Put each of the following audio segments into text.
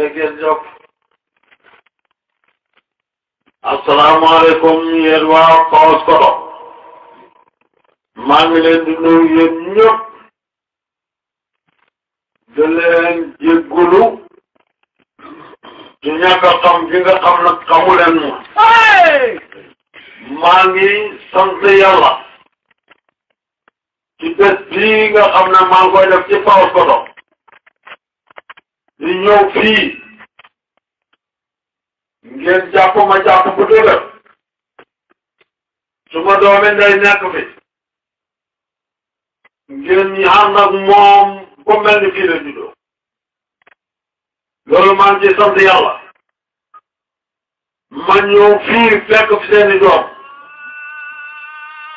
léegi jóg asalaamaaleykum yéen waa Paos Koto maa ngi leen di nuyu yéen ñëpp di leen jéggulu ci ñàkk a xam gi nga xam nag xamu leen ma maa ngi sant yàlla ci bés bii nga xam ne maa ngi koy def ci Paos Koto di ñëw fii ngeen jàpp ma jàpp bu dëgër ma doome nday nekk fi ngeen ñi ànd ak moom ba mel ni fii la juddoo loolu maa ngi ciy sant yàlla ma ñëw fii fekk fi seeni doom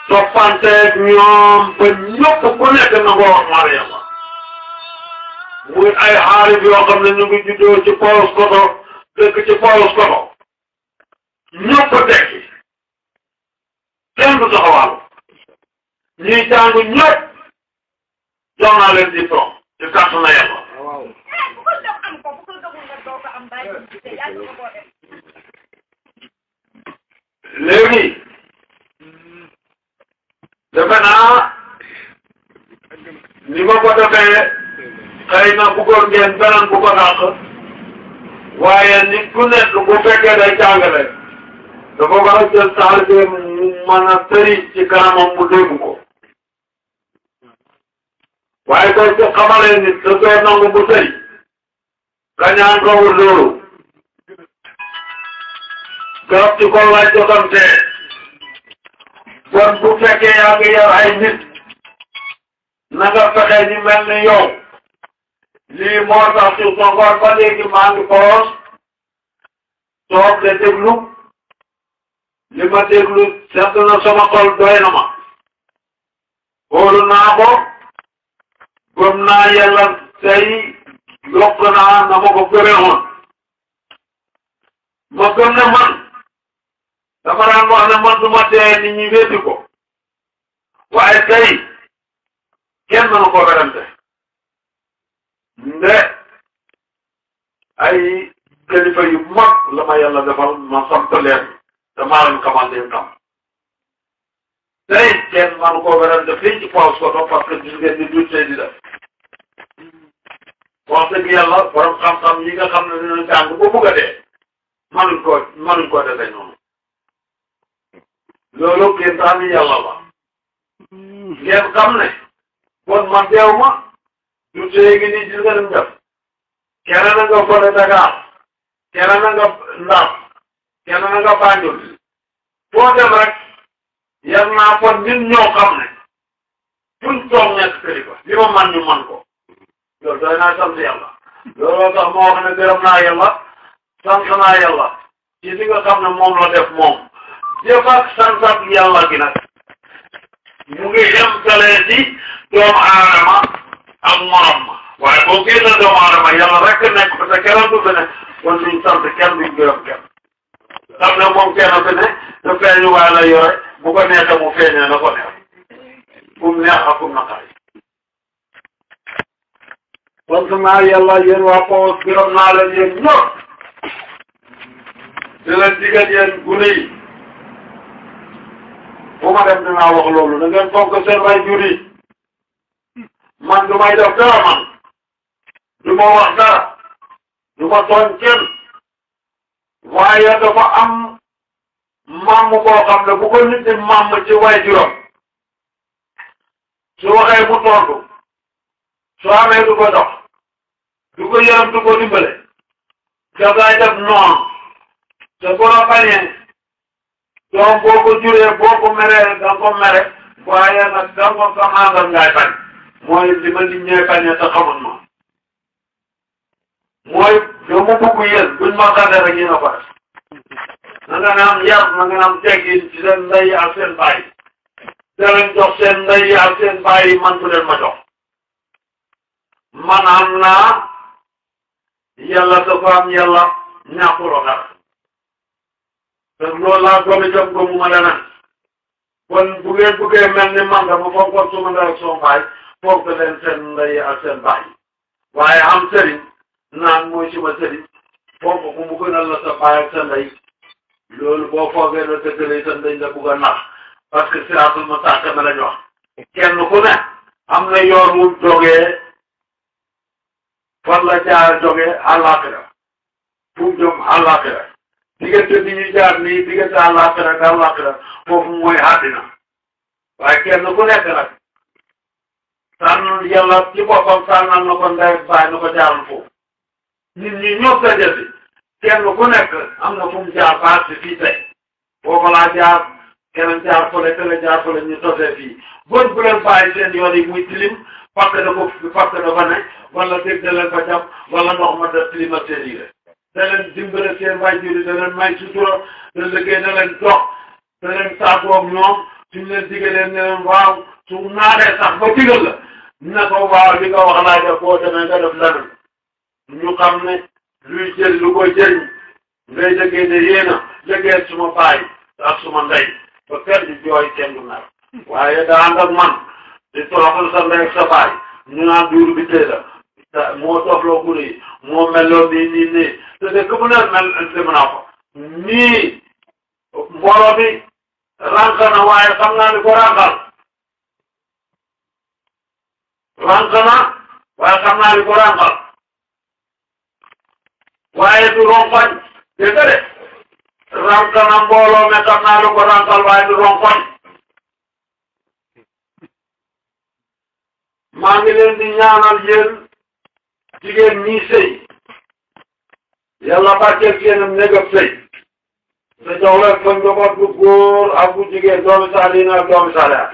toppanteeg ñoom ba ñëpp ku nekk na nga wax maanaam yàlla muy ay xaarib yoo xam ne ñu ngi juddoo ci Paulus Koto dëkk ci Paulus Koto ñëpp a dekki kenn du taxawal ñuy jàng ñëpp jox naa leen di toog ci kàttu na yàlla. léegi defe naa ni ma ko defee. xëy na bëggoon ngeen beneen bu ko dàq waaye nit ku nekk bu fekkee day jàngale dafa war a jël taalibe mu mën a sëri ci kanamam mu dégg ko waaye koy su xamalee nit da koy nangu mu sëri kañaan kowul loolu garab ci koy waay jotante kon bu fekkee yaa ngi yar ay nit na nga fexe ñu mel ni yow lii moo tax su songoor ba léegi maa ngi poos toog de déglu li ma déglu sedd na sama xol doy na ma xoolu naa ko gëm naa yàlla tey yokk naa na ma ko gëmeewoon ne man dafa daan wax ne man du ma dee nit ñi wéddi ko waaye tey kenn mënu ko werante ay kilifa yu mag la ma yàlla defal ma sant leen te maa leen xamal leen tam tey kenn manu koo werante fii ci Paos Koto parce que gis ngeen ni duut see di def wax dëgg yàlla borom xam-xam yi nga xam ne dinañ jàng ba bugg a dee manuñ koo manuñ koo defee noonu loolu kenn taami yàlla la ngeen xam ne kon man deew ma duut see ngi nii gis nga ni mu def keneen na nga fële Dakar keneen na nga Ndar keneen na nga Banjul foo dem rek yar naa fa nit ñoo xam ne fuñ toog nekk kilifa li ma man ñu man ko loolu doy naa sant yàlla looloo tax moo wax ne gërëm naa yàlla sant naa yàlla ci li nga xam ne moom la def moom jëf ak santat yàlla gi nag mu ngi yem talee ci doomu aadama ak morom ma waaye boo génnoon doomu aadama yàlla rek nekk parce que kenn du fi ne kon duñ sant kenn duñ gërëm kenn xam ne moom kenn fi ne su feeñ waa la yore bu ko neexee mu feeñee na ko neex fu mu neex ak fu mu naqari. kon su ma yàlla yéen waa Poos gërëm naa leen yéen ñor di leen digal yéen gune yi bu ma dem dinaa wax loolu da ngeen fonk seen way jur yi man du may def dara man. du ma wax dara du ma tooñ kenn waaye dafa am maam koo xam ne bu ko nit di maam ci way juróom su waxee mu tontu su amee du ko dox du ko yërëm du ko dimbale dafay def noonu te bu la bañee doom boo ko juree boo ko meree da nga ko mere waaye nag da nga ko xamal ngay bañ mooy li ma nit ñee bañee te xamul moom mooy yow mu bugg yéen buñ màggalee rek yéen a ko na nga ne am yar na nga ne am teggin ci seen ndey ak seen baay te leen man ku leen ma jox man am naa yàlla dafa am yàlla ñàkkuloo nag te loolu laa gome jom gomu ma leneen kon bu ngeen bëggee ni man dama foog kon suma ndey ak suma baay foog leen seen ndey ak seen baay waaye am sëriñ naan mooy ci ma sëriñ foofu bu mu gënal la sa baay ak sa ndey loolu boo foogee na dëggalee sa ndey la bugg a nax parce que siraatul mustaqiim lañ wax kenn ku ne am na yoon wu jógee fan la jaar jógee àllaaxira fu mu jëm àllaaxira diggante bi ñu jaar nii diggante àllaaxira ak àllaaxira foofu mooy àddina waaye kenn ku nekk nag tànn yàlla ci boppam tànnal na ko ndey baay na ko jaaral foofu nit ñi ñëpp daje bi kenn ku nekk am na fu mu jaar paas bi fii tey boo ko laa jaar keneen jaar fële keneen jaar fële ñu tosee fii bon bu leen bàyyi seen yoon yi muy tilim parce que dafa parce que dafa ne wala dégg da leen fa jàpp wala ndox ma def climatisé yi da leen dimbale seen waajur yi da leen may sutura da liggéey da leen dox da leen saagoo ñoom suñ leen digalee ne leen waaw su naaree sax ba digal la na a waaw li nga wax laa def boo demee nga def leneen ñu xam ne luy jël lu ko jëriñ ngay lëggee ne yéen a lëggee suma baay ak suma ndey ba kër gi jooy kenn du nar waaye daa ànd ak man di toroxal sa ndey ak sa baay ñu naan duuru bi tee la moo tofloo gune yi moo meloon nii nii nii te de ku mu ne mel dem naa ko nii mbooloo bi rànq na waaye xam naa ni ko rànqal rànq na waaye xam naa ni ko rànqal waaye du ronkoñ dégg nga de rank na mbooloo me xam naa lu ko rankal waaye du ronkoñ maa ngi leen di ñaanal yéen jigéen ñi sëy yàlla barkeel seenam négab sëy te jox leen fa njaboot bu góor ak bu jigéen doomi saaliin ak doomi saalihaat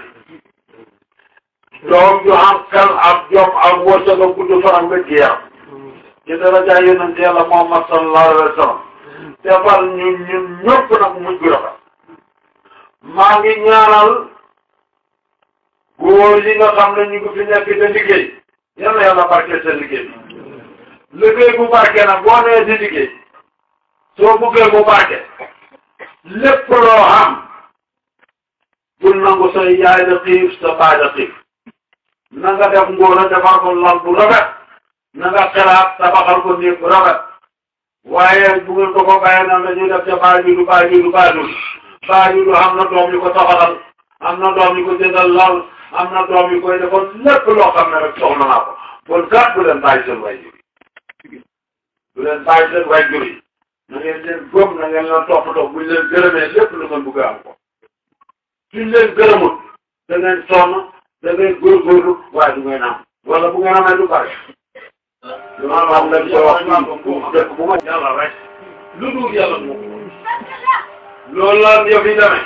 doom ju am xel ak jom ak wërsëg ak gudd fan ak wér gi yaram ci daraja yonent yàlla Muhammad sallallahu alayhi wa sallam defal ñun ñun ñëpp nag mujj gu rafet maa ngi ñaanal góor yi nga xam ne ñu ngi fi nekk te liggéey yal na yàlla barkeel seen liggéey bi liggéey bu barke nag boo nee di liggéey soo buggee bu barke lépp loo xam bul nangu say yaay da xiif sa baay da xiif na nga def ngóor a defar ko lal bu rafet na nga xelaat tabaxal ko néeg rafet waaye bu ngeen ko ko bàyyee naan dañuy def ca baajudu baajudu baajudu baajudu am na doom yu ko tabaxal am na doom yu ko jëndal lal am na doom yu koy defoon lépp loo xam ne rek soxla naa ko kon kat bu leen bàyyi seen waajur yi bu leen bàyyi seen waajur yi na ngeen leen gëm na ngeen leen toppatoo buñ leen gërëmee lépp lu ngeen bëgg a am ko suñ leen gërëmut da ngeen sonn da ngeen góorgóorlu waaye du ngeen am wala bu ngeen amee du bari. am nañ ko wax dëkk bu ma. yàlla rek lu dul yàlla moo ko moom. loolu laa yëf yi demee.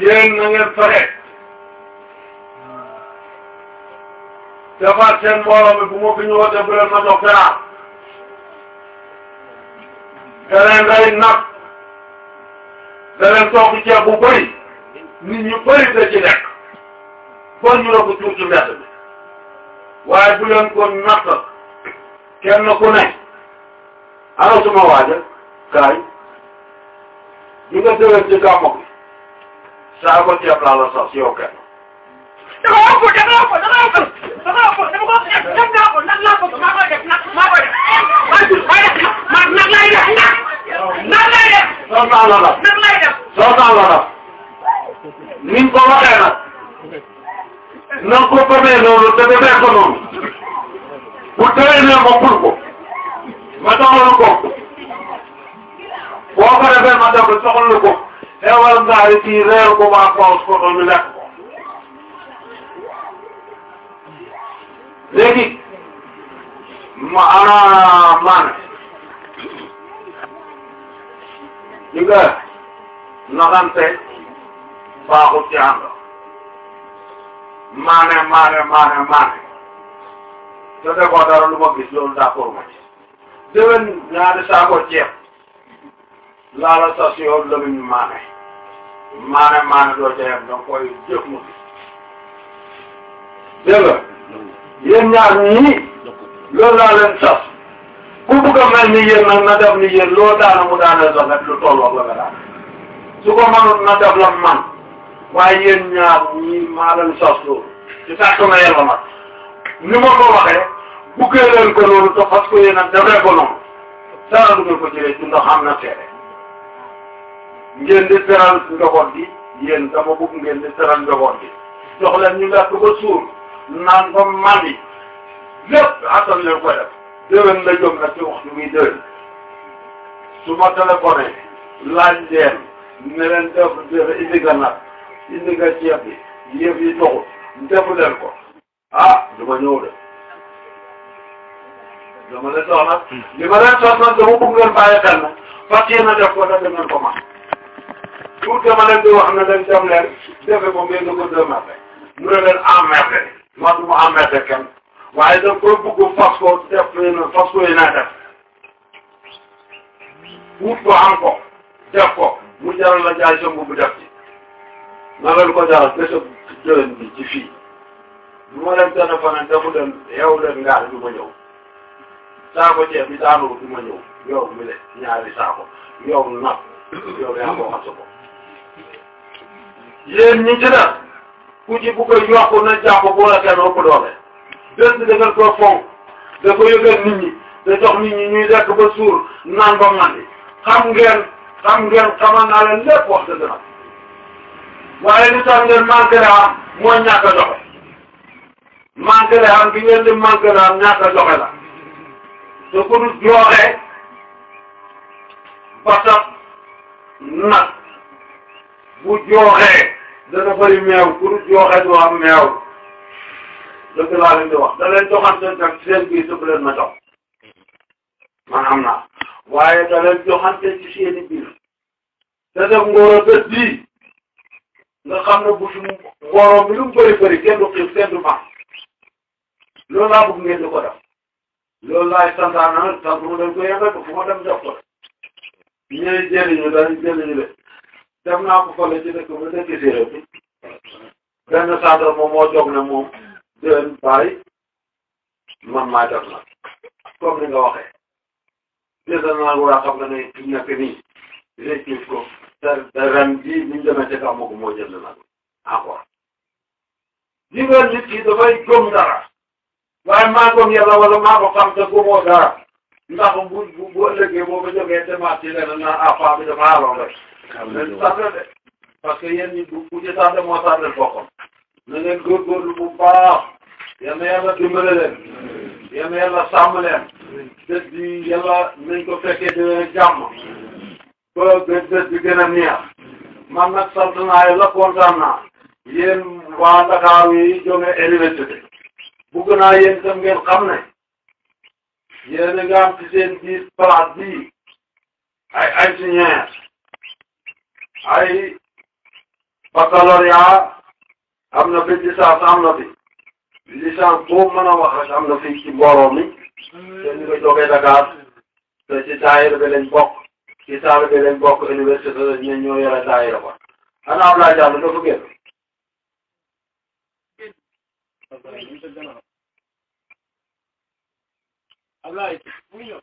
yéen na ngeen fexe. defaat seen ma fi ñu wootee bu leen ma jox dara. da leen rey nag. da leen toog ceeb bu bëri. nit ñu bëri da ci kon ñu kenn ku ne ana si yow kenn. dama la ko dama la ko dama la ko dama la ko dama ko def def naa ko nag laa ko maa koy def nag maa koy def maa def maa nag lay def nag nag lay def. soo na nga ko xamee tëral na ko pour te defoo dara lu ma gis loolu d'accord ma ci déwén ñaari saako ceeb laala sa si yow lëmiñ maane maane maane doo ca yem danga koy jëf mu gis dégg nga yéen ñaar ñii loolu laa leen sas ku bugg a ni yéen nag na def ni yéen loo daana mu daaneel sax rek lu toll ak la nga daan su ko mënoon na def la man waaye yéen ñaar ñii maa leen sas loolu ci tàkk na yàlla mag ni ma ko waxee buggee leen ko noonu te fas ko yéen a defee ko noonu dara du ngeen ko am na seede ngeen di teral njaboot gi yéen dama bëgg ngeen di teral njaboot gi jox leen ñu lekk ba suur naan ba mandi lépp attan leen ko def déwén la jom nag ci waxtu bi déwén su ma téléphoné laaj leen ne leen def def indi nga nag indi nga ceeb bi yëf yi toxut defu leen ko ah du ma ñëw de. dama leen dox nag li ma leen dox nag dama bëgg ngeen bàyyi xel nag fas yéene def ko def ngeen ko man tuut dama leen di wax ne leen dem leen defe ko ngeen di ko démerder mu ne leen emmerder man du ma emmerder kenn waaye da ko bëgg fas ko def fas ko yi naa def wut ko am ko def ko mu jaral la jaay sëmb bu def ci na leen ko jaral bésab jëlen bi ci fii bu ma leen gën a fa ne defu leen yeewu leen ngaar du ma ñëw saako ceeb bi daanoo fi ma yo yow mi de ñaari saako yow napp yow yaa ko xas ko yéen ñi ci def ku ci bu ko yokku na jàpp bu la kenn ëpp doole bés bi da nga ko fonk da ko yëgal nit ñi da jox nit ñi ñuy lekk ba suur naan ba màndi xam ngeen xam ngeen xamal naa leen lépp wax dëgg nag waaye li tax ngeen manqué le am mooy ñàkk a joxe manqué le am bi ngeen di manqué le am ñàkk a joxe la su ko dul jooxee ba tax nag bu jooxee dana bëri meew ku dul jooxee du am meew dëgg laa leen di wax da leen joxan seen nag seen biir sëpp leen ma jox man am naa waaye da leen joxante ci seeni biir te def ngóor a bés bii nga xam ne bu fi ngóorom bi lu mu bëri bëri kenn du xiif kenn du mar loolu laa bëgg ngeen di ko def loolu laay santaan na nag sant mu dem ko yëngatu fu ma dem jox ko ñooy jëriñu dañu jëriñu de dem naa ko fële ci dëkk ba dëkk séeréer bi benn centre moom moo jóg ne moom déwén bàyyi man maa def na comme ni nga waxee déedéet naa war a xam ne ne fi nekk nii réclus ko te te ren bii bu ñu demee ca kaw moo jënd nag encore. li nga nit ki dafay gëm dara. waaye maa koom yàlla wala maa ko xam te bu moo dara ndax bu bu bu ëllëgee boo ko jógee semence yi dana naan ah paa bi dafa aaloon rek. leen sàrde de parce que yéen bu bu ci sàrde moo sàrdeel boppam. bu baax. yal na yàlla dimbale leen. na yàlla sàmm leen. dëkk bi yàlla nañ ko fekkee dina jàmm. ba dëkk bi gën a neex. man nag sant naa yàlla kontaan bëgg naa yéen itam ngeen xam ne yéen a ngi am ci seen biir place bii ay ay ay baccalauréat am na fi licence am na fi licence boobu mën wax am na fi ci mi te ñu ko jógee Dakar te ci daayira bi lañ bokk ci saal bi lañ bokk université lañ ne ñoo yore daayira Ablaye muy ñëw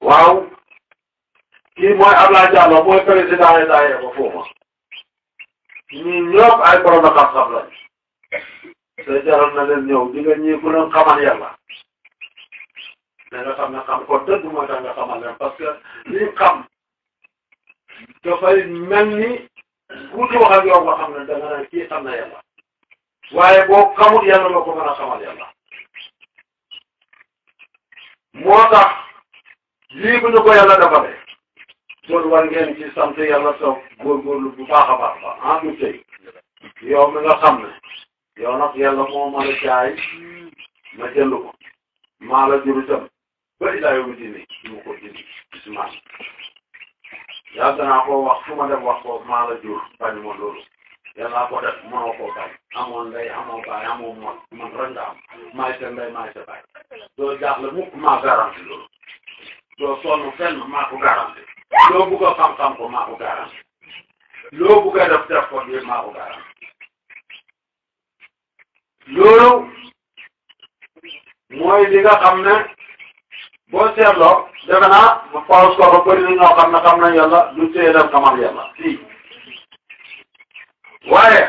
waaw kii mooy Ablaye Diallo mooy président yi daayee ba foofa ñii ñëpp ay borom xam-xam lañ te jaral na leen ñëw di nga ñii ku leen xamal yàlla mais nga xam ne xam ko dëgg mooy tax nga xamal leen parce que li xam dafay mel ni ku wax ak yow nga xam ne da nga naan kii xam na yàlla waaye boo xamul yàlla nga ko mën a xamal yàlla moo tax lii bu ñu ko yàlla defalee loolu war ngeen ci sant yàlla sa góorgóorlu bu baax a baax ba ah du tey yow mi nga xam ne yow nag yàlla moo mën a jaay ma jënd ko maa la jur itam ba ilaa yow di ne ñu ko dindi ci man yaa danaa koo wax fu ma dem wax ko maa la jur bañ ma loolu yàlla ko def mënoo koo bañ amoon ndey amoo baay amoo mot man rek nga am maay sa ndey maay sa baay doo jaaxle mukk maa garanti loolu doo sonn fenn maa ko garanti loo bugg a xam-xam ko maa ko garanti loo bugg a def def ko bi maa ko garanti loolu mooy li nga xam ne. boo seetloo defe naa horoscope ba bëri na ñoo xam ne xam nañ yàlla lu téye dem xamal yàlla fii waaye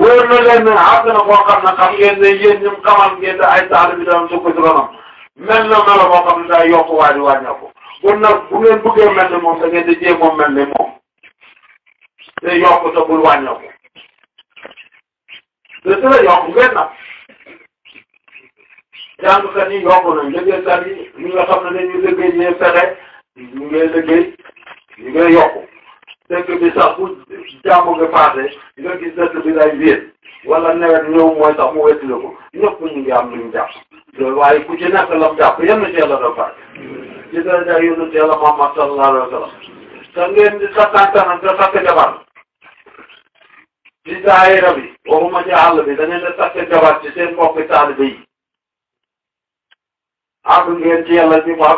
wóor na leen ne àgg na koo xam ne xam ngeen ne yéen ñi mu xamal ngeen di ay taal bi doon sukk ci ronam mel na melo boo xam ne day yokk waa ji wàññeeku kon nag bu ngeen bëggee mel ni moom da ngeen di jéem moom mel ni moom te yokk te bul wàññeeku te su la yokk ngeen nag. jàngkat yi yomb nañ liggéeykat yi ñi nga xam ne dañuy liggéey ñooy fexe ñu ngay liggéey ñu ngay yokku dëkk bi sax bu jàmm nga passé nga gis dëkk bi day wéet wala nawet ñëw mooy sax mu wéet la ko ñëpp ñu ngi am lu ñu jàpp loolu waaye ku ci nekk la mu jàpp yenn ci yàlla dafa fàtte ci daraja yonent yàlla Muhammad sallallahu alayhi wa sallam te ngeen di sakkantanam te sakk jabar ci daayira bi waxuma ci àll bi da ngeen di sakk jabar ci seen mbokk taalibe yi I'll forget you Let me walk